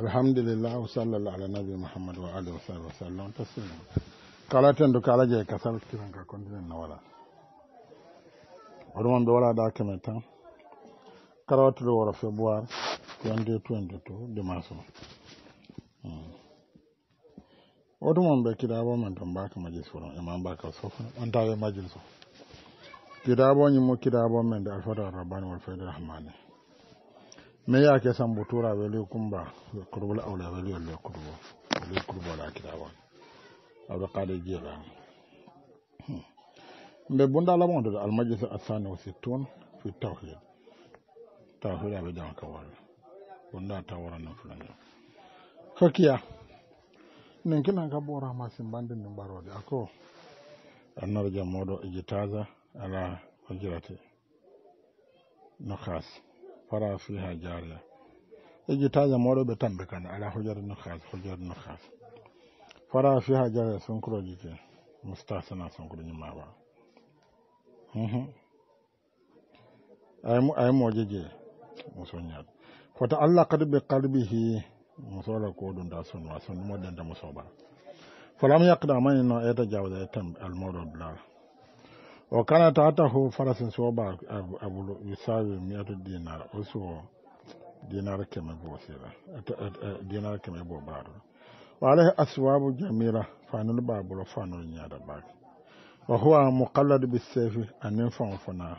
alhamdulillah wa sallallahu ala nabi muhammad wa alihi wa sahbihi wa sallam taslima kala tan do kala je kasal kiran ka kontinen na wala o don ɓe wala da keme tan do wora febuar 2022 de maso o don mon ɓe man men ba ka majlis foron e ma mbaka sofa on tawe majlis o kiɗabo ñimmo kiɗabo men da alfata rabbani wal fadl rahmani me ya ke san butura wele kumba kurbul aula wele wele kurbo wele kurbo la kirawa abdu qali jira mbe bunda la mondo al majlis al thani wa sittun fi tawhid tawhid abe dan ka wala bunda tawara na fulani fakiya nin kina ka bora ma simbande nin barode ako annar jamodo ijitaza ala fajirati no khas fara fiha e ta zama moɗo ɓe tambe kane ala hujjar hujjata no haas hujjata no haas fara fiha jariya sonkuroji ke mustasana sonkuro ñimawa mhm. ay moje je muso ñaat fota allah kadi ɓe kalbihi musola ko ɗum da sun sonwa sonɗumo ɗenda musoɓa falam yakɗa manino eta jawda e tambe almoɗo dulala o kana tata hu farasin su soba a bolo yusawi miyatu dinar o so dinar keme bo sira dinar keme bo baro wa alaihi aswabu jamila fanul ba bolo fanul nya da ba wa huwa eh, muqallad bis sayfi eh, anin fan fana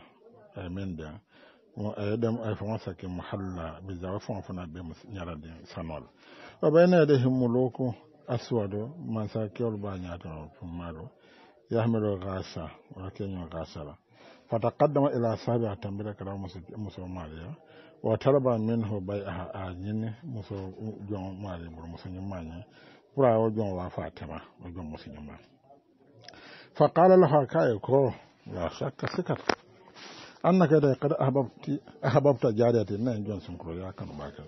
min da mo adam ay fa masaki muhalla bi zawa fan fana be nyara din sanol wa bayna yadayhi muluku aswadu man sakiyul ba nya to fumaro yahmilu gasa wake nyima gasara fataqaddama ila sahibi a tambira kala muso mariya wa tarba minhu bai'aha a ñini muso jon mari bur muso ñimmañi pour a o jon wa fatema o jon muso ñimma fa qala laha kaye ko la shakka sikat annaka da qad ahbabti ahbabta jariyati nan jon sunkuro ya kanu bakal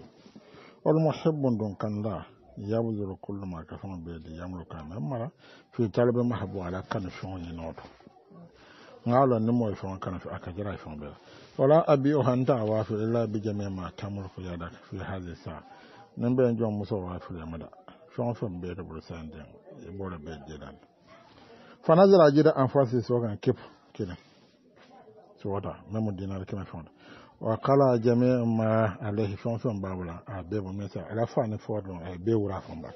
wal muhibbun dun kanda yabduru kullu ma kasama beydi yamlukuna min mara fi talbe mahabu ala kan fiŋo ñinooto ŋaalo ni moye fiŋo kana fi aka jira fiŋo bela wala abi o hanta a waafi illa bi jami ma tamulku yadaka fi hadi saa nin be jom muso waafiliyamada fiŋo feŋ beyta bulu sandeŋ i bora be jedan fana zara jida anfasi so kan kip kina sowata memu dinar keme fiŋo wa kala jame ma alehi fɛn fɛn b'a bolo a bɛɛ bɔ mɛ sa ala fa ni fɔ dɔn a ye bɛɛ wura fan ba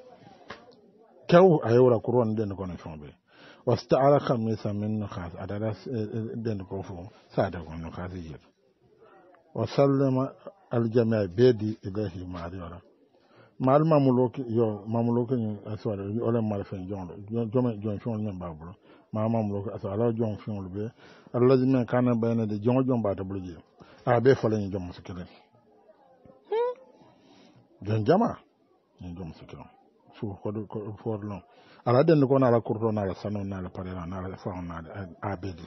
kɛw a ye wura kura ni den kɔni fɛn bɛɛ wasu ta ala kan mɛ sa min ka a dada eh, eh, den ko fɔ sa da kɔni ka se yɛrɛ wa sallama aljamiya bɛɛ di ilahi ma'ari wala ma'ari mamuloki yo mamuloki ni aswara ole marfen jɔn jɔn jɔn fɛn min b'a bolo maa mamuloki aswara ala jɔn fɛn olu bɛ ala jumɛn kan na bayana de jɔn jɔn b'a ta bolo jɛ a be falen jom musikilin jon jama ni jom musikilin su ko forlon ala den ko na ala kurto na ala sanu na ala pare na ala fa na abedi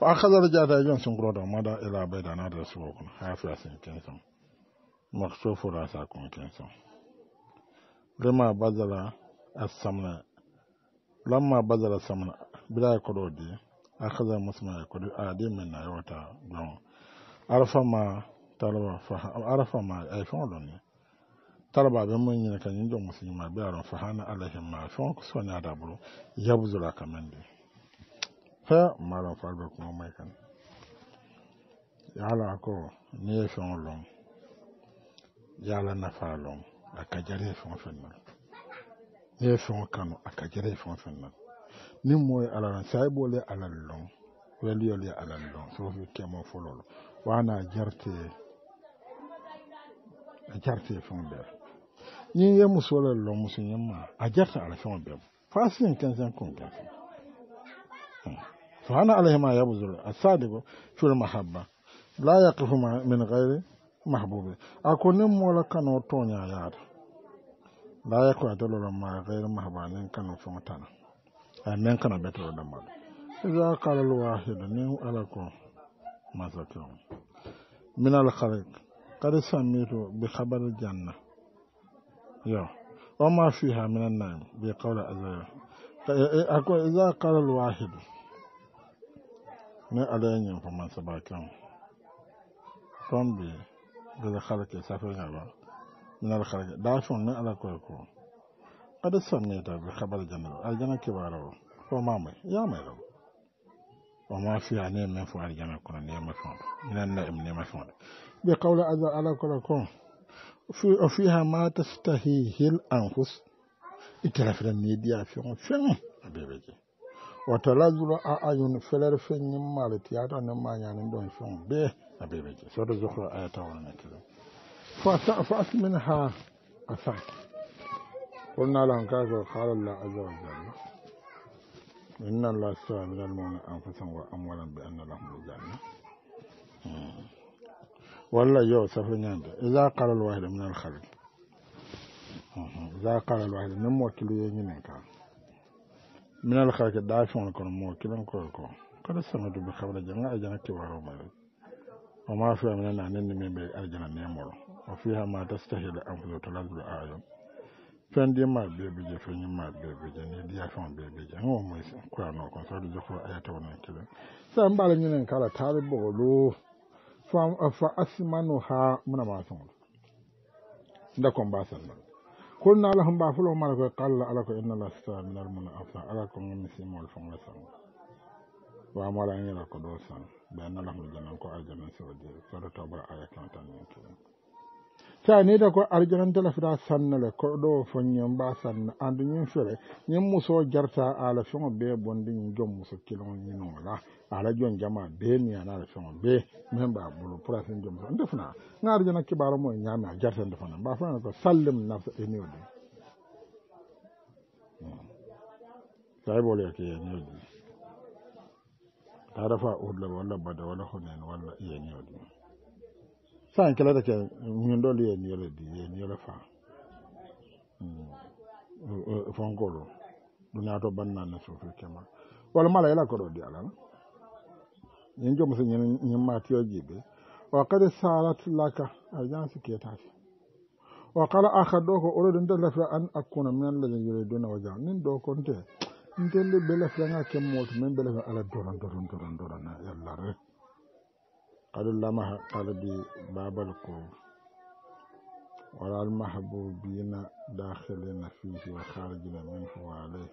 wa akhadha jada jon sun gro da mada ila da na da su ko ha fi asin kensan maksufu ra sa kun kensan rema bazala as-samna lamma bazala samna bila ko do di akhadha musma ko do adi min na yota don arafa ma taraba fa arafa ma ay eh, fon don ni taraba be mun ni kan ni don muslima be aron fa hana alahi ma fon ko so na da buru kaman kamande fa ma ran fa be kuma mai kan ya la ko ni fon e lon ya la na fa lon aka jare fon e fon na ni fon e kan aka jare fon fon na ni moy alaran sai bole ala lon wali yoli ala lon so fi kemo fololo wana jarte a jarte fɛn bɛɛ ni ye muso la lɔ muso ye ma a jarte ala fɛn bɛɛ fasi in kɛnsɛn kun kɛnsɛn subhana ma ya a asadiqu fil mahabba la yaqifu min ghairi mahbubi a ko ne mola kano tonya da la yaqu adallu ma ghairi mahbanin kano fumtana a men kana betoro damal إذا قال الواحد نيم على كون masakiram minal xarit kari samiru bi xabaru janna yow omar fiha min annaam bi qawla azaya ako iza qala al wahid ne ala ñu fa man sabakam fam bi gëna ke safa nga ba na la da fon ne ala ko ko kada samne ta bi xabar janna al janna ki baro fo mamay ya may وما في يعني, يعني من فوق الجنة كنا نعم فوق من النعم نعم فوق بقول أذى على كلكم في فيها ما تستهيه الأنفس إتلاف الميديا في فين أبيبي وتلازل أعين فلر فين مالتي أتا نما يعني دون فين بيه أبيبي سورة زخرة آية تورنا كده فأس منها أساك قلنا لهم كذا قال الله عز وجل inna allaha yastara min almu'mina anfusahum wa amwalahum bi anna lahum janna hmm. walla yo safa nyanda iza qala alwahid min alkhalq hmm. iza qala alwahid min mawkilu yini nka min alkhalq da fi won kon mo kilan ko ko kada sama du bi khabra janna ajana ti waro ma wa ma fi amina nan ni min bi aljana ne mo wa fiha ma tastahil anfusu talabu ayyun fendi ma bebe je feñi ma bebe je ni diya fon bebe je ngo mo kurano kon so do ko ayata wonan kilen sa mbala ñinen kala taari bolo fa fa asmanu ha muna ma son nda ba san nan kon na la hamba fulo mala ko qalla ala ko inna lasta min al munafa ala ko ngam si mol fon la san wa mala ngi la ko do san be na la hamba janan ko aljanna so de tan ta ne da ko arjanan talafita sanna le ko ɗo fo ñemba sanna andu ñin fere ñin muso jarta ala feŋo bee bondi ñin jom muso kiloŋo ñinoo la a jon jama bee miyana ala feŋo bee meŋ b'a bolo purasin jom muso nte fana ŋa arjana kibaro mo ñaami a jartande fana mba fana ko sallim nafsa enio de hmm. saybolo yake yenio de tara fa urla walla bada walla honen walla yenio de san kelata ke ñindol ye ñele di ye ñele fa to mm. e, e, e, fonkolo dunato bannanne sofi kema wala mala yala koɗo di alala ñin jomo so ñin matiyo jiɓe wa kad sarat laka ajansi ketati wa kala ahad ɗo ko oɗoɗo nde lafira an akuna min allaji yuriduna waja nin ɗo konte ntelle ɓe lafiranga kemmoto min ɓe lafira ala doron doron doron dorona yallare قلمها قلبي باب na ولا المحبوبين داخلين فيه وخارجين منه وعليه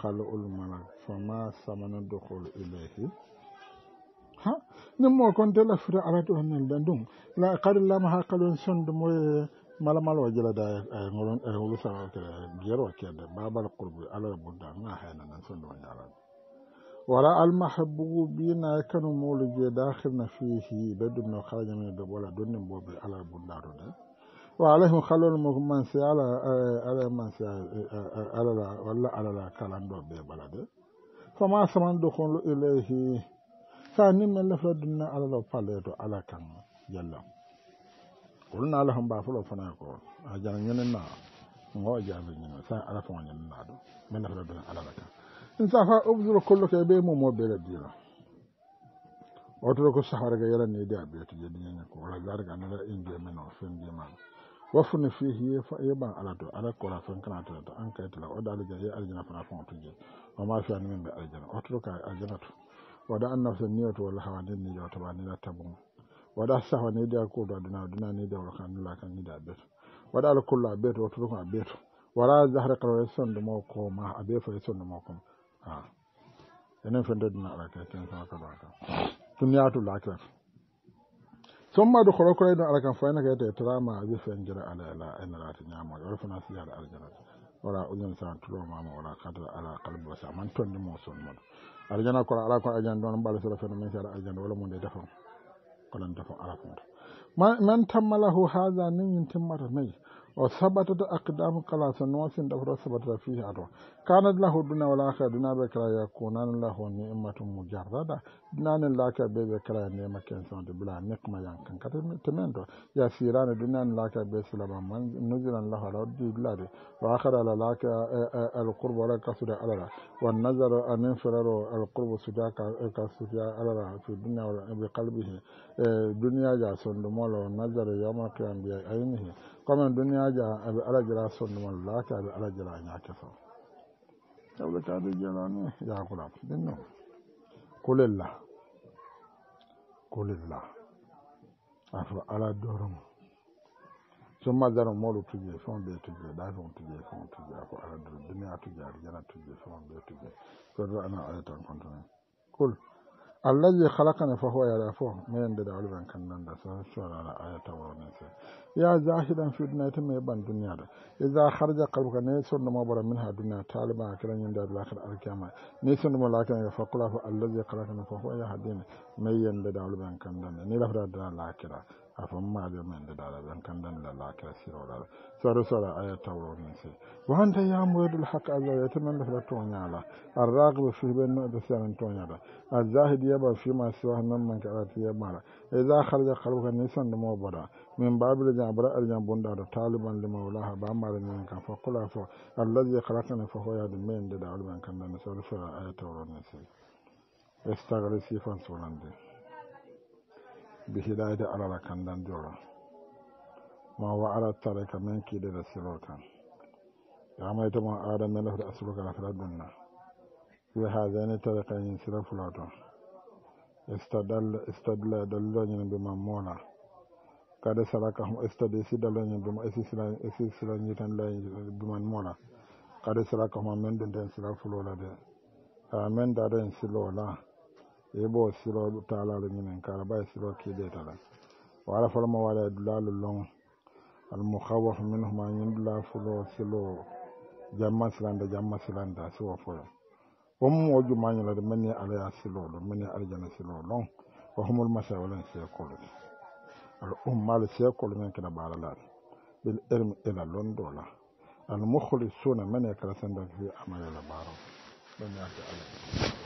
خلق الملك فما ثمن الدخول ha nin mo kon de fura nan la qad la ma haqalun sund mo mala wa da ay eh, eh, ngolon ay eh, wulu sa ke ke babal ala na hayna nan sund wa wala almahabubina kanu molu je dakhilna fihi ɓe ɗum no haraja men ɗo ɓola donnin boɓe ala bunɗaɗo de wa alayhim halol mo mansi ala ala mansi alala walla alala kalanɗo ɓe ɓala de fama samanɗo konlo ilayhi sa nimmen lefla dunna alala paleto ala kan jalla wolna ala hamba fulo fana ko a jana ñanen na ngo jaabi ñina sa ala fo ñanen na ɗo min lefla dunna alala kan fa nsafa ubzuru ke be mo mo bere dira otro ko sahara ga yara ne da be to jadi ne ko wala gar ga na inge men o fen di man wafu ne fihi fa e ba ala to ala ko la fen kana to to an kai to la o dalu ga ya aljana fa fa to je o ma fi an men be aljana otro ka aljana to wa da an nafsa niyatu wal hawadin ni jawta ba ni la wa da sahwa ne da ko da duna duna ne da wakan la kan ni da be wa da al kullu be to otro ko be to wala zahra qara yasan da ma ko ma abe fa son da ma ko Ah. enen fende dina ala ke ken sa ka ya tu lakir sun ma da kurakurai don alakan fa'ina ga yadda ya tura ma zai fiyan jira ala a yana rati ya mawa yawon fina siya da aljana wara ujin sa turo ma ma wala kadar ala kalbi sa man tun da mawa sun aljana kura kwara kun aljana don ba da sura fa min sa aljana wala mun da ya dafa kwanan dafa ala kun man tammalahu hadha nin yin timmata mai وثبت أقدام قلاص نواس دفر ثبتت فيه أدوى كان الله دون ولا آخر دون بكرا يكون الله نعمة مجردة دنان لاك بكرا نعمة كنسان بلا نقمة كتمن دو يا سيران دنان لاك بسلبا من نزلا له رد بلاد وآخر لاك القرب ولا كسر على والنظر أن انفرار القرب سجا كسجا على في الدنيا بقلبه دنيا جاسون دمول والنظر يوم القيام بعينه komin duniya ala jira ja abu ala jira laake aɓe yau ñaake fo tawle kaade jelani yakulam ɗin non kulilla kulilla afo ala doron sun daro moro tuje fon bai tuje ɗafe tuje fon tuje afo ala doron duniya tuje a jana tuje fon bai tuje koɗo ana aya tan kulilla kul allazi khalaqani fa huwa yara mai mayan da alban kan nan da sa sura la ayata wa ne sai ya zahidan fi dunya ta mai ban duniya da idza kharja qalbuka ne sun da mabara min ha duniya taliba kiran yin da lakar alkiyama ne sun da malakan ya faqula fa allazi khalaqani fa huwa mai mayan da alban kan nan ne lafra da lakira afammaade men de dala ɓen kan danda lake siroɗal soro sora aya tawro min si wonta yamoydul hakka allah wiyete men ɓefɗa toñala arraqiɓe fi ɓen noɓe siamen toñata azahid yeɓa fima siwa men manke arati yeɓmala ida harja kalbuka ni sonde mo boɗa min babila jan bara arjan bunɗaɗo taliban lima wolaha bamare min kan fo kula fo allahji kalakane fo hoyade min de dawol ɓen kan danda soro sora aya tawro min si estagre bi hidayde alala kan dan jora ma wa ala tareka min kidere silol kan yamayta mo adam mela hude asuluka lafira dunna wi ha zani tareka yin sira fulato istadla dalilo ñin bi ma moona kade salaka hum istadi si dalilo ñin bi ma isi sila isi sila ñitan la bi ma moona kade salaka hum men dunten sila fulola de a men dada yin silola yebo silo taalalu ñinen kala bay silo kiidetala wala folmo wala dulalu lon almuhawaf minhuma ñin dula fulo silo jamma silanda jamma silanda siwo foyo wom wo jumañolade minni alaya silolo minni aljana silo silo lon wa humul masawalan seekolu al ummalu seekolu men kena la bil ilmi ila londola almuhlisuna mene kala sandaki fi amalala baaro ɗon yaake allah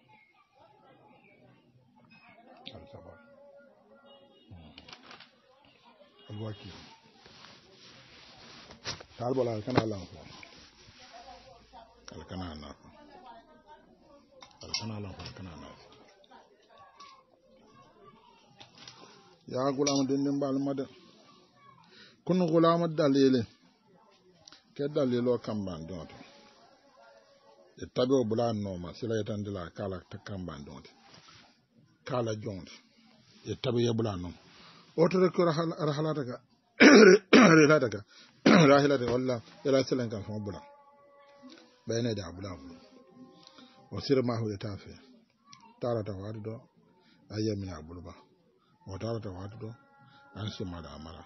boki tar bola kana lan ko kana na al kana lan ko kana na ya gulam din din bal mad kun gulam dalile ke dalilo e sila kala ta ban don kala jonde e tabe ya bulan noma wata rekki ara daga relataka rahilata walla yala silan kan fama bula ɓayne da bula bulu o sira ma hude ta fe tarata waatu ɗo a yiyamina bulba o ta waatu ɗo an simmaɗa amara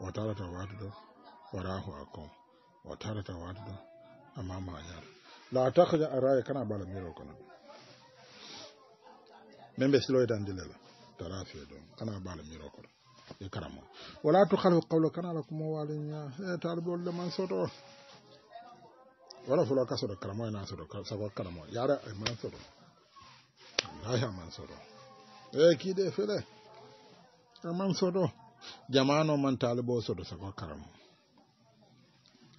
o ta waatu ɗo o rahu a kom ta tarata waatu ɗo amma ma ñaata la takaja a raya kana bala miro kono min ɓe siloytan tara fe kana bala e wala tu khalu qawlu kana la kuma walin ya e eh, talbi wala soto wala fulo ka da karamo ina soto sabo karamo yara ai eh, man soto wallahi a man soto e kide fele a man soto jamano man talibo soto sabo karamo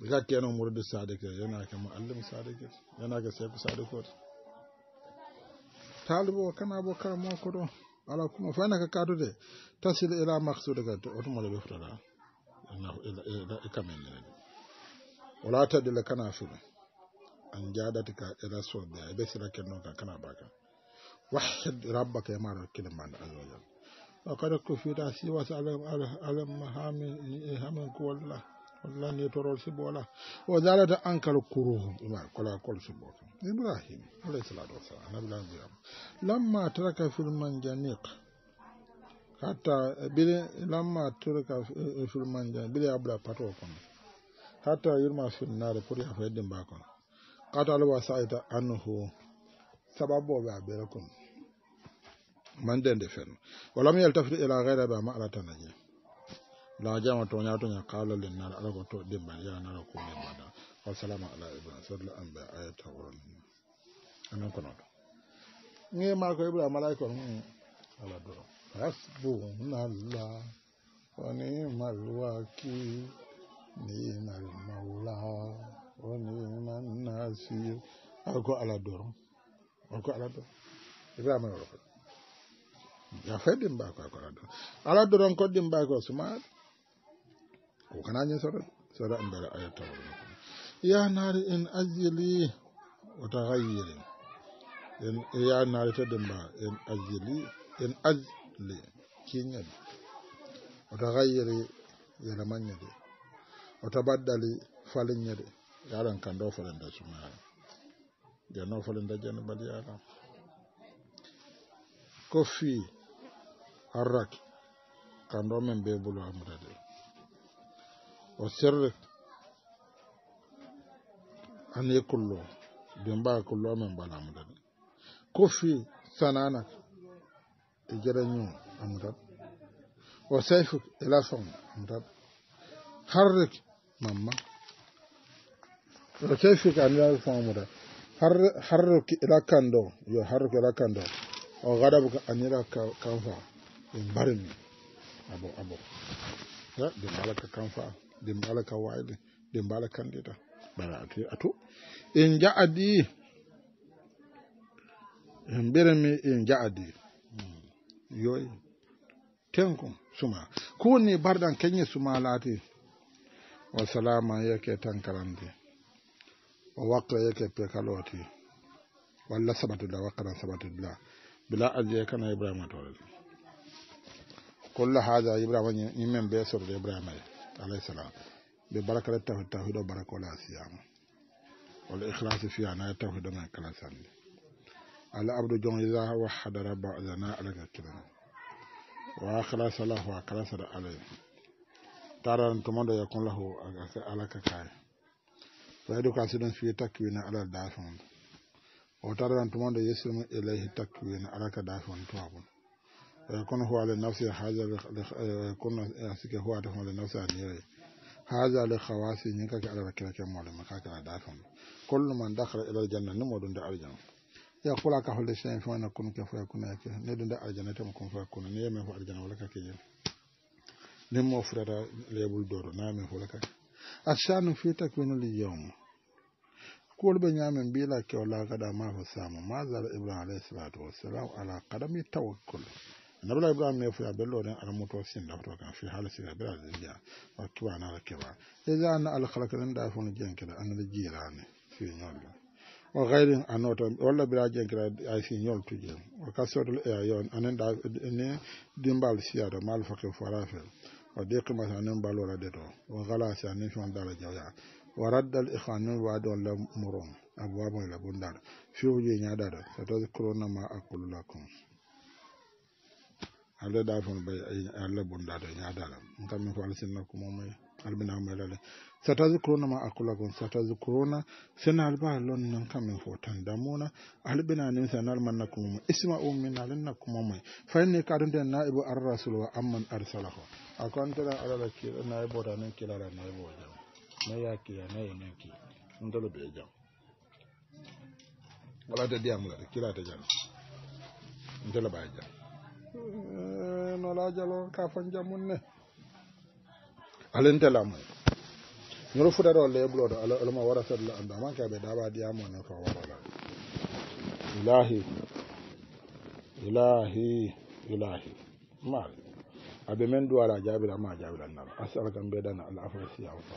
ga kenan murdu sadik yana ka muallim sadik yana sheikh sai ko. talibo kana bo karamo ko do ala kuma fa naka katude tasil ila maksudaka otumoɗo ɓe fotata kamennene wala tadila kana filo an jaɗati ka ila sodde a ɓe sira kennon kan kana baka wahid rabbaka e maɗo kilimande azza wajal wa kada ko fiita siwasa alam alam hamin hamin kuwallah lanni torol sibola o dalata ankal kuruhum ma kola kol sibola ibrahim alayhi salatu wassalam nabila biyam lamma taraka fil manjaniq hatta bile lamma taraka fil manjaniq bile abla pato kon hatta yurma fil nar pour ya fayde mba kon qata al wasaita anhu sababu wa bela kon mande nde fen walam yaltafit ila ghayra ba ma'ratanaji la jama to nya to nya kala ala ko to de ban ya ko wa salama ala ibrahim ba ayata anan ma ko ibrahim malaika ala do wa maula wa nasir ako ala do ako ala do ibrahim ala ya ko ala do ala do ko ko ko kana ñin sora sora ambara aya tawalla ya naari in ajili wata taghayyirin ya naari tedde mba in ajili in Wata ajli kiñade o taghayiri yere mañede o tabaddali faliñede yaran kan ɗo folenda sumaara jeno folenda jeno bali ala ko fi harraki kan ɗo men be bulo amudade wasirri an ye kullo bin dimbala mbala ka wayde ɗin kandida bara atu ato en jaadi en mbirami en jaadi hmm. yoy tenko suma kuni bardan kenye suma lati? Wa salama yake tankarande wa wakra yake pekaloti walla sabatullah sabatu sabatullah bila adiye kana ibrahima torel kulla haada ibrahima ñimmen be sorde ibrahima ye alayhi salam ɓe barakala tawhid tawhid o baraka wala siyama wala ihlasi fiya na tawhid o men kala sande ala abdu jon ida wahada rabba adana alaka kiran wa akhlasa lahu wa akhlasa da alayhi taran tumando yakun lahu alaka kay fa yadu ka sidan fi takwina ala dafon o taran tumando yasimu ilayhi takwina alaka dafon tuwabun Eh, kono huwa le nafsi haja eh, kono eh, sike huwa to le nafsi anire haja le khawasi nyi kake ala rakira ke mole ma kake ala datum kullu man dakhala ila aljanna ni modun da aljanna ya kula ka holde shen fo na kunu ke fo yakuna ke ne dun da aljanna to kun fo yakuna ne yeme fo aljanna wala kake ni ne mo furata lebul doro na me fo la kake ashanu fi takwinu li yawm kuwol be ñaamen mbiila kewla gada maafo saama ma zara ibrahim alayhi salatu wassalam ala qadami tawakkul nabla me fu ya bello den ar moto sin da to kan fi hal sira bira ya wa kiwa na da kewa idza an al khalaqan da fun jenkira an da ne fi nyolla wa ghairin anota walla bira jenkira ay fi nyol tuje wa kasodul e ayon anen da ne dimbal siya da mal fara fe wa de deqi masanin la de to wa ghala ne fi da la jaya wa raddal ikhanin wa do la murum abwa mo la bundar fi wuje nya da to kurona ma akulu lakum ala da fɔ bay ala bonda da nya dala ngam min fɔ ala na ko mo may albina mo lale satazkuruna ma akula gon satazkuruna sina alba lon nan ka min fɔ tan na damuna albina nin sanal man nakum mo o min na na alannakum mo fa inni kadun den ibo ar-rasul wa amman arsalahu akon tara ala la ki naibu da nan kilala naibu la na yaki ya na yin ki ndolo be jam wala ta diamla kila ta jam ndolo ba jam Eh, no laajalo kafanja mum ne alentela mum ñoro fudata o leebloto alma waratatla andama kaɓe daɓadiyamone fa warola ilahi ilahi ilahi mal aɓe men du ala jaɓira ma jaɓirannaro asala kam mbeɗana al afasiyafa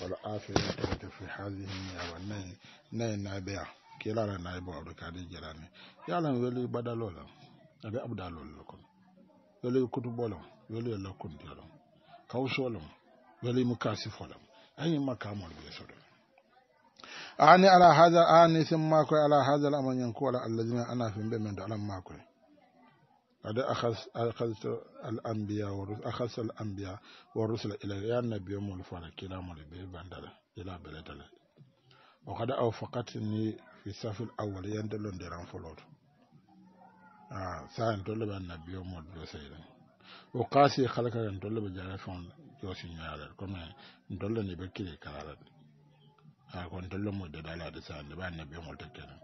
wala afirtarake fi hadihi niyaba nayi nayi naɓeya kelala nayi bawɗo kadi jarani yalan weli baɗalolam abu aɓe abdalol kon ka kutubolon yoli yolla mu kasi folo mukasi folon ayi makamol ɓe soɗon ani ala hada ani ma ko ala hada la man ko ala alladina ana be men do alan makoye قد أخذت الأنبياء والرسل أخذت الأنبياء والرسل إلى يا النبي مول be كلا مول بندلا إلى بلدلا وقد fi safil awwal yandalon يندلون folo فلوت sayan tolle ɓe annabiyo moɗo ɗo seyɗen o kaasi kala kala en tolle ɓe jara fon yosi ñaalal ko en tolle ni ɓe kiri kalalat a kon tolle moƴƴo dalade sande ɓe annabiyo ngol tekkenen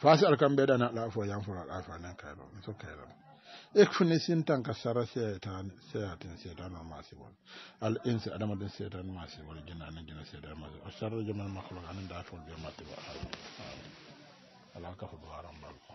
fasi alkam ɓeɗana ala fo yan foro ala fanen kayro mi so kayram ekfuni sintan ka sara setan seyatin setan o masibol al insi adamaden setan masibol jina anen jina setan masibol o sarra jomen makhluq anen da fol ɓe matibo ala ala ka fo duwaran balko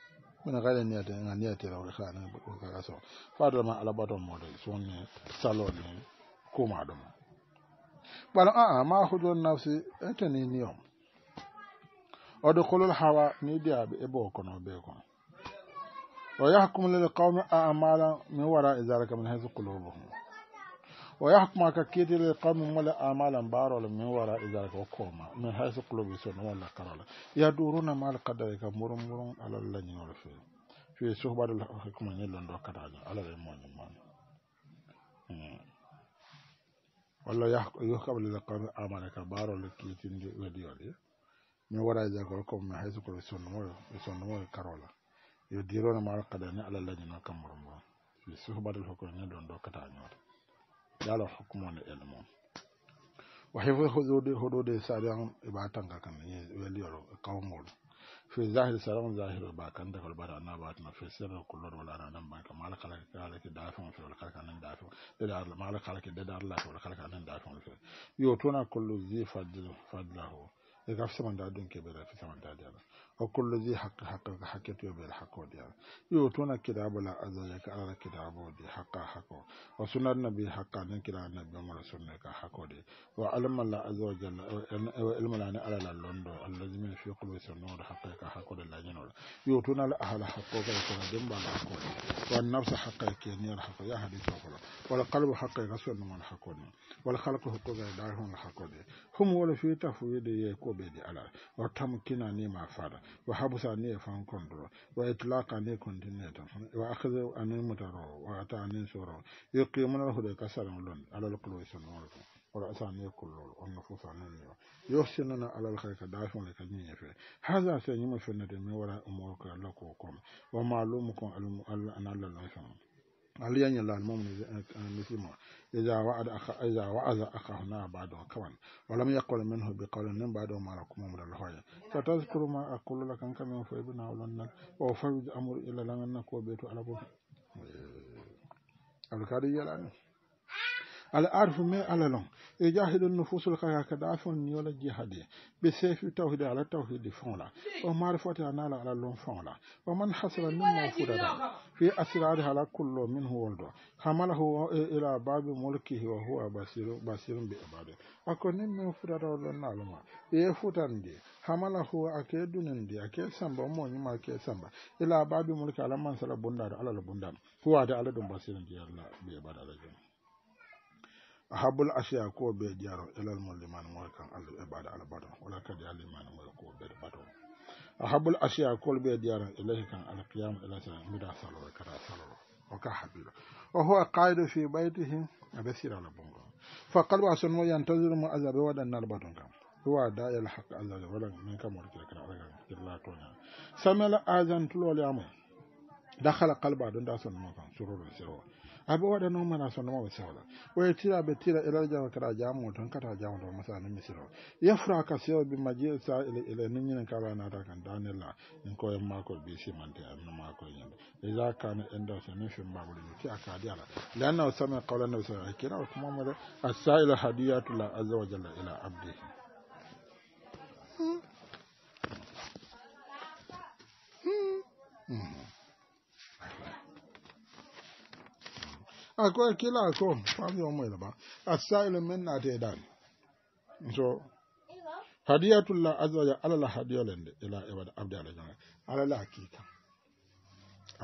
wona kala niyate ga niyatira wole kane kaka so fadoma alabaton ne sonni saloni kuma ɗum ɓano aa ma na nafsi ne niyom oɗo kolol hawa ni bi ebo ko no be ko o yahkum lil qawmi a'malan min wara zalika min haysu qulubuhum wa yahkuma ka kiitile qawmin wala amalan baarole min wara idalika o kooma min hayso kulobi sono walla karola yaduruna ma alkadari ka murum murum alal lañinolo feewi fi suhbatul hikma ñillon do kataño alal e moñummani walla yuhkabalila qawmi amalaka baarole kiitinde wediyole min wara idalika o kooma min hayso kulobi sonnumoyo karola yo dirona ma alkadari ni alal lañino kam yalo hukuma na ilmu wa hifu hudude hudude sadan ibatan ga kan ne weliyoro kawmul fi zahir salam zahir ba kan da kalbara na ba ta fi sirr kullur wala na nan ba kamar kala kala ki da fa fi wal kala nan da fa da da mal kala ki da da Allah wal kala nan da fa fi yo tuna kullu zi fadlu fadlahu e gafsa man da dun ke bera fi saman da da وكل ذي حق حق حق يوم الحق وديا يوتون كتاب لا أزايك على كتاب ودي حق حق وسنة النبي حق عن كلا النبي عمر سنة حق ودي وعلم الله عز وجل علم الله على اللندو الذي من في قلوب سنور حق حق ودي لا جنول يوتون الأهل حق ودي كلا جنب حق ودي والنفس حق كيني الحق يا حديث ولا والقلب حق رسول من حق ودي والخلق حق ودي دارهم الحق ودي kuma wala fiyita fo yede ye ko ɓe di ala o kina ni ma fada wa habusa ni e fan kondoro wa itlaka ni continue tan wa akhada ani mutaro wa ata ani soro yuqimuna lahu de kasaran lon alal kulo sonol wala asani ni kullu no fusa non yo yosinana alal khay ka dafon ka nyiye fe haza sa nyima fe na de mi wala umur ka lako kom wa ma'lumu kun al al anallahu hali yan yalla mom mun fi eh, eh, mo iza wa'ad akha iza wa'aza akha na ba'da kawan wa lam yaqul minhu bi qawlin min ba'da ma lakum min al haya fa tazkuru ma aqulu lakum kama fa ibn awlan wa fa'id amru ila lan nakwa bitu alabu eh. alkari yalla ala arfu me alalon lon e jahidun nufusul kaya kada afon yola jihadi be sefi tawhid ala tawhid fonla o marifati na ala ala lon fonla o man hasala mimma fudada fi asrar ala kullo minhu woldo hamalahu ila babi mulkihi wa huwa basiru basirun bi ibadi akoni nin min fudada lon naluma e futande hamalahu ake dunandi ake samba mo ma ake samba ila babi mulki ala man sala bundar ala bundada huwa da ala dum basirun bi Allah bi ibadi habul asiya ko be jaro ilal mulliman mo kan alu e bada ala bato wala kadi alliman mo ko be bato habul asiya ko be jaro ilahi kan al qiyam ila sa mida salo ta salo o ka habil o huwa qaidu fi baytihi abasira la bongo fa qalbu asan mo yantaziru mo azab dan nal baton kan. huwa da al haqq allah wala min kam mo kira kala ala illa to na samala azan li amu dakhala qalba don da sun mo kan sururu sirwa aɓe waɗa noon mana sonno maɓe sehla ɓoye tira bai tira elal jama kata jamo ton kata jamo ton masani misiro yafra ka sewo bi maji sa ele ele ni ñinen kala nata kan danella in koye makol bi simante anno makol ñande ila kana enda so ni fi mbabol yuti akadi ala lanna sami qawla nabi sallallahu alaihi wasallam kira ko mamade as-sa'ila hadiyatu la azza wa jalla ila abdihi Mm-hmm. akwai kila akom fami omoyle ba assailu min naate dan so hadiyatullah azza wajal alala hadiyolende ila ibada abdi ala jonga alala hakika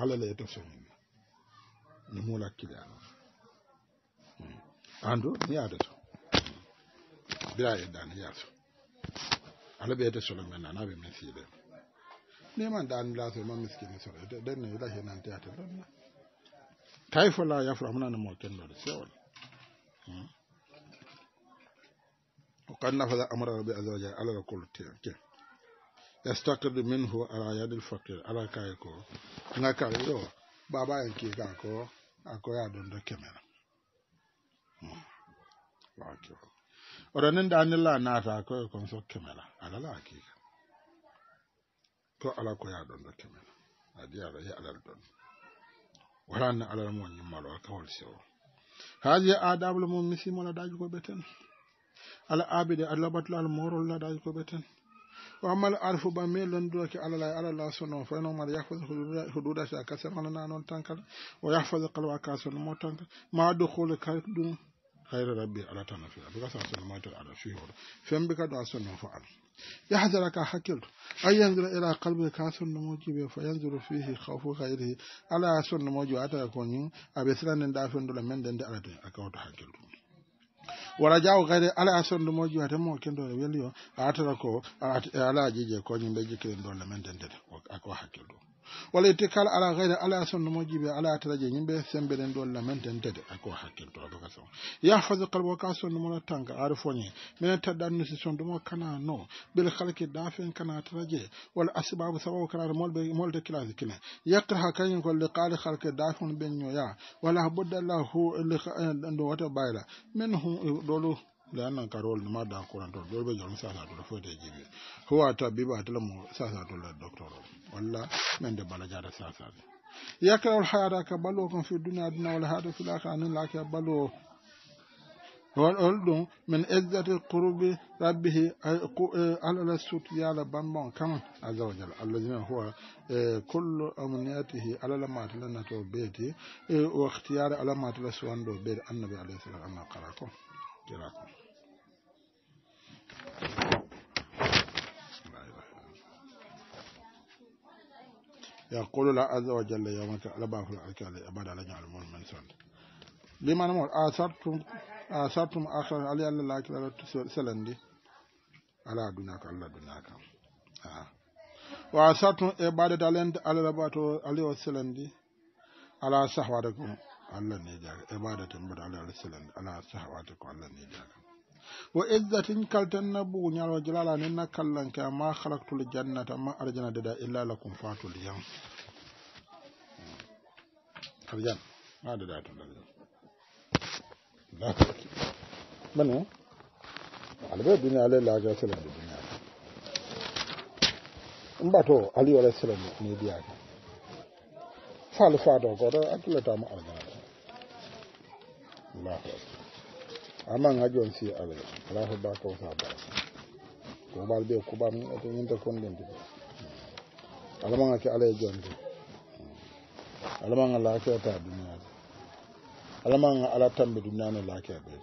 alala yeto sominna mi mula kilano andu mi yaade to bira e dani yaato ala ɓeyde solo na nanaɓe min siide ni man dan dani so ma miskini so den ne ilahi nan teyate ɗonna tawi fo la yafra hunana mo kennode sewol o kad nafada amara rabbi asa wajal alala kolo ke yastakdu minhu ala yadil fakir ala kayi ko na kare yau ba bayan ke ga ko a koya don do kemera da nen da na ta koya kon so kemera alala hakika ko ala ko ya don do kemera adi ala yi alar don walanna alal mo ñimmalo alkawol sewo haaji adabul mum misimola daji koɓe ten ala abide allah batlu al morolla daji koɓe ten wa ammal arfu ba me londirake alalay alala sono fayno mara yahfas hududata kasir manana noon tankal o yahfas kalwa kasono mo tankal ma dukhul kar ɗum hayre rabbi alatana fi aduga sa sallamato ala fi hoto fembi kadu a sonno fo ala yahdara ka hakkilto ay yanzura ila kalbe ka sonno moji ɓe fo yanzuru fihi hawfu hayrihi ala sonno moji wata ko ñin aɓe silanden ɗa fenduɗa men ɗen de alade a kawto hakkilto wara jawo kayde ala a sonndu moji wate mo kendoe weli o a atata ko e alaajiije koñin ɓe jikkiren ɗolle men ɗen dede ako hakkilto walla ittikal ala gayre ala sunna mo jiɓe ala taraje yimɓe sembeɗen ɗo lamenten tede ako do kaso ya yahfase qalbu ka sonno mono tanka ari foñe minen tedɗannusi sondumo kana no khalki da fen kana taraje walla asibabu sababu kanata molɓe molde kilasi kine yakkata ha kañum ko da halke ben nyoya wala walla ha boddallahu ɗo wata bayla min hum ɗolu da lannan karol ma da kuranto dol be jom sa sa to fo de jibe huwa tabiba atlamu sa sa dole la doctor walla men da bala jara sa sa ya ka al hada ka balu kon fi dunya dunya wal hada fi akhirah an la ka balu wal oldum min izzati qurbi rabbih eh, eh, ala sut ya la bambon kam azawjal wa huwa eh, kullu amniyatihi ala lamat lana to beti wa ikhtiyar alamat la suwando be annabi alayhi salam anna ko Gracias. يقول لا عز وجل يوم تعلم في الأركان أبدا لن يعلم من سند لما نقول آثرتم آثرتم آخر علي الله لا كلا سلندي على دنياك على دنياك آه وآثرتم إبادة لند على رباطو علي وسلندي على صحواتكم الله نجاك إبادة تنبت على سلند على صحواتكم الله نجاك wa izzatin kaltan na bugunyar jalala ne na kallon ka ma halaktul jannata ma arjana da da illa lakum fatul yam arjan ma da da tun da bane albai duniya alai lafiya sila da duniya in ba to aliyu alai sila ne biya ne fa alfa da gwada akilata mu arjana Allah aman hajon si ala ala ba ko sa ba ko bal be ko bam to nyinta kon den ala ma ke ala jonde ala ma la ke ta duniya ala ma ala tambe duniya ne la ke be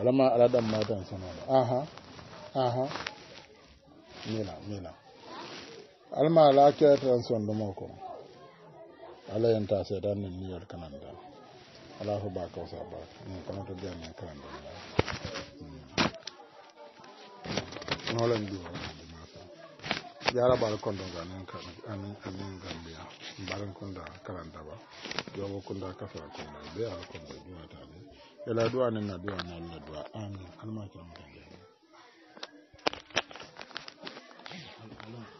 ala ma ala dan ma tan sana aha aha mila mila ala ma la ke tan son do mo ko ala yanta sai dan ne niyar kananda ala ho ba kawsa ba ne kan da na holan biyo yara bar ga nan kunda karanta ba yobo kunda kafa kunda be ala kondo ta ne na na amin